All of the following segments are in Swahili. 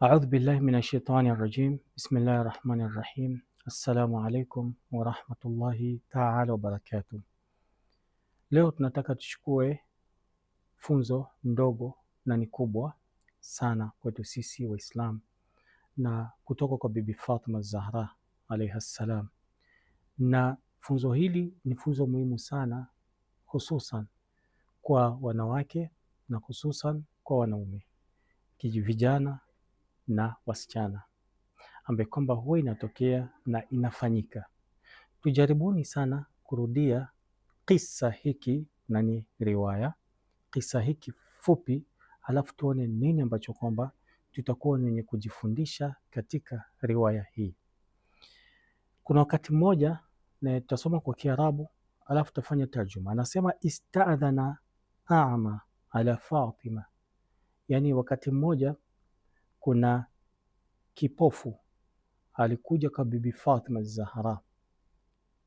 Audhu billahi minashaitani rajim. Bismillahi rahmani rahim. Assalamu alaikum warahmatullahi taala wabarakatuh. Leo tunataka tuchukue funzo ndogo na ni kubwa sana kwetu sisi waislam na kutoka kwa Bibi Fatima Zahra alaiha ssalam, na funzo hili ni funzo muhimu sana, hususan kwa wanawake na hususan kwa wanaume, vijana na wasichana ambaye kwamba huwa inatokea na inafanyika. Tujaribuni sana kurudia kisa hiki na ni riwaya kisa hiki fupi, alafu tuone nini ambacho kwamba tutakuwa wenye kujifundisha katika riwaya hii. Kuna wakati mmoja na tutasoma kwa Kiarabu alafu tutafanya tarjuma. Anasema istadhana ama ala Fatima, yani wakati mmoja kuna kipofu alikuja kwa Bibi Fatima Zahra,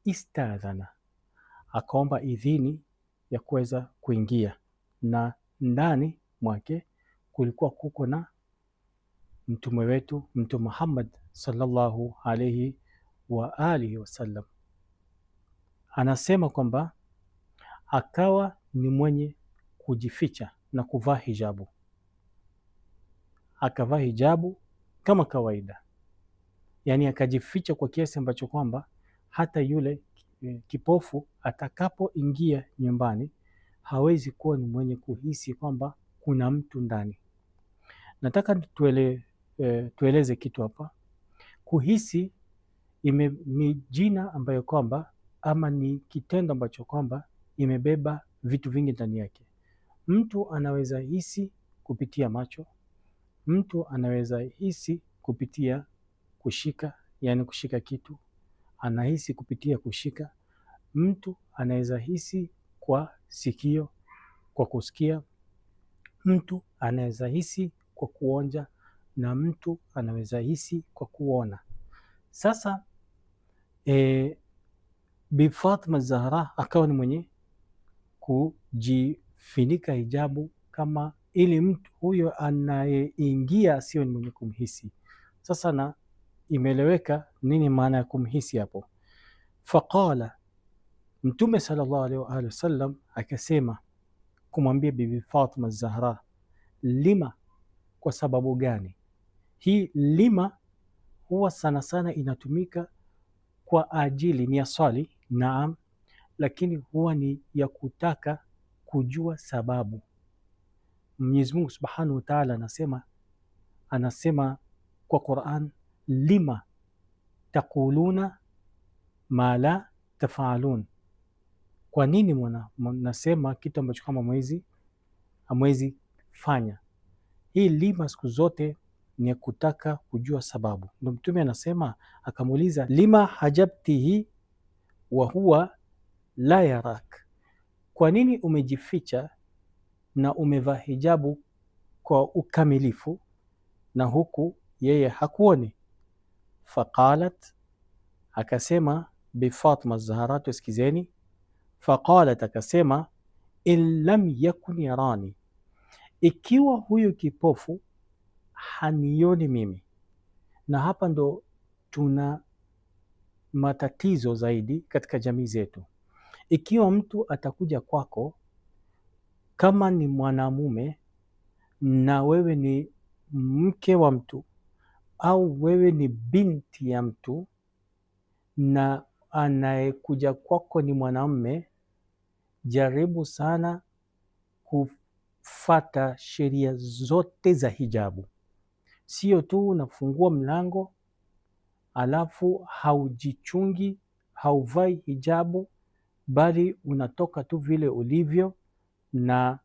istadhana, akaomba idhini ya kuweza kuingia, na ndani mwake kulikuwa kuko na mtume wetu Mtume Muhammad sallallahu alayhi wa alihi wasallam. Anasema kwamba akawa ni mwenye kujificha na kuvaa hijabu akavaa hijabu kama kawaida, yaani akajificha kwa kiasi ambacho kwamba hata yule eh, kipofu atakapoingia nyumbani hawezi kuwa ni mwenye kuhisi kwamba kuna mtu ndani. Nataka tuele, e, tueleze kitu hapa. Kuhisi ime, ni jina ambayo kwamba ama ni kitendo ambacho kwamba imebeba vitu vingi ndani yake. Mtu anaweza hisi kupitia macho, mtu anaweza hisi kupitia kushika, yani kushika kitu anahisi kupitia kushika. Mtu anaweza hisi kwa sikio, kwa kusikia. Mtu anaweza hisi kwa kuonja, na mtu anaweza hisi kwa kuona. Sasa e, Bi Fatma Zahra akawa ni mwenye kujifinika hijabu kama ili mtu huyo anayeingia sio ni mwenye kumhisi. Sasa na imeeleweka nini maana ya kumhisi hapo. Faqala, Mtume sallallahu alaihi wa alihi wasallam akasema kumwambia Bibi Fatima Zahra, lima, kwa sababu gani? Hii lima huwa sana sana inatumika kwa ajili ni ya swali, naam, lakini huwa ni ya kutaka kujua sababu Mwenyezi Mungu Subhanahu wa Ta'ala anasema anasema kwa Qur'an, lima taquluna ma la tafalun, kwa nini mwana nasema kitu ambacho kama mwezi amwezi fanya. Hii lima siku zote ni kutaka kujua sababu. Ndio Mtume anasema akamuuliza, lima hajabtihi wa huwa la yarak, kwa nini umejificha na umevaa hijabu kwa ukamilifu na huku yeye hakuoni. Faqalat, akasema bi Fatma Zahra, tusikizeni. Faqalat, akasema in lam yakun yarani, ikiwa huyu kipofu hanioni mimi. Na hapa ndo tuna matatizo zaidi katika jamii zetu. Ikiwa mtu atakuja kwako kama ni mwanamume na wewe ni mke wa mtu au wewe ni binti ya mtu na anayekuja kwako ni mwanamume, jaribu sana kufata sheria zote za hijabu. Sio tu unafungua mlango alafu haujichungi, hauvai hijabu, bali unatoka tu vile ulivyo na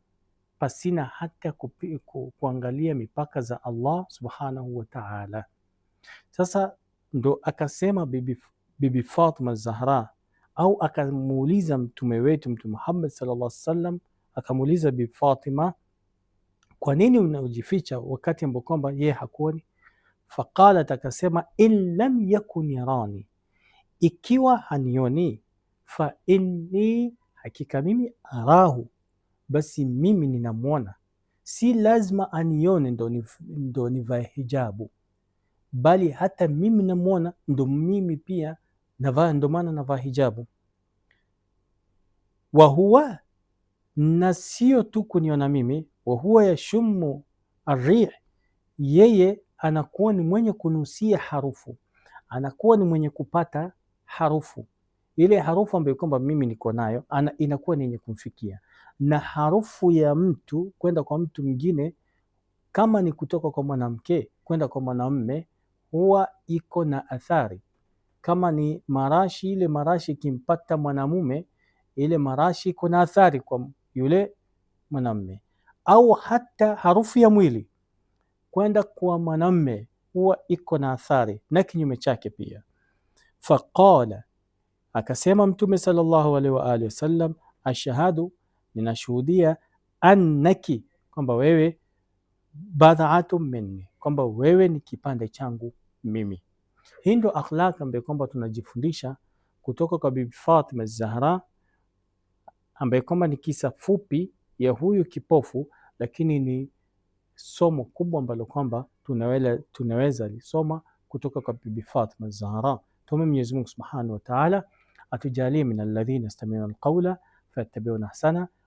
pasina hata kupi, ku, kuangalia mipaka za Allah subhanahu wa ta'ala. Sasa ndo akasema bibi, bibi Fatima Zahra au akamuuliza mtume wetu Mtume Muhammad sallallahu alaihi wasallam akamuuliza bibi Fatima, kwa nini unajificha wakati ambao kwamba yeye hakuoni? Faqalat, akasema in lam yakun yarani, ikiwa hanioni, fa inni, hakika mimi arahu basi mimi ninamwona. Si lazima anione ndo ni nivae hijabu, bali hata mimi namwona ndo mimi pia navaa, ndo maana navaa hijabu. huwa na sio tu kuniona mimi, ya yashumu arih, yeye anakuwa ni mwenye kunusia harufu, anakuwa ni mwenye kupata harufu ile harufu ambayo kwamba mimi niko nayo, inakuwa ni yenye kumfikia na harufu ya mtu kwenda kwa mtu mwingine, kama ni kutoka kwa mwanamke kwenda kwa mwanamume, huwa iko na athari. Kama ni marashi, ile marashi ikimpata mwanamume, ile marashi iko na athari kwa yule mwanamume, au hata harufu ya mwili kwenda kwa mwanamume huwa iko na athari na kinyume chake pia. Faqala, akasema Mtume sallallahu alaihi wa alihi wasallam, ashhadu ninashuhudia annaki, kwamba wewe badhaatu minni, kwamba wewe ni kipande changu mimi. Hii ndo akhlaq ambayo kwamba tunajifundisha kutoka kwa Bibi Fatima Zahra, ambaye kwamba ni kisa fupi ya huyu kipofu, lakini ni somo kubwa ambalo kwamba tunaweza tunaweza lisoma kutoka kwa Bibi Fatima Zahra. tume Mwenyezi Mungu Subhanahu wa Ta'ala atujalie min alladhina yastami'una alqawla fayattabi'una ahsana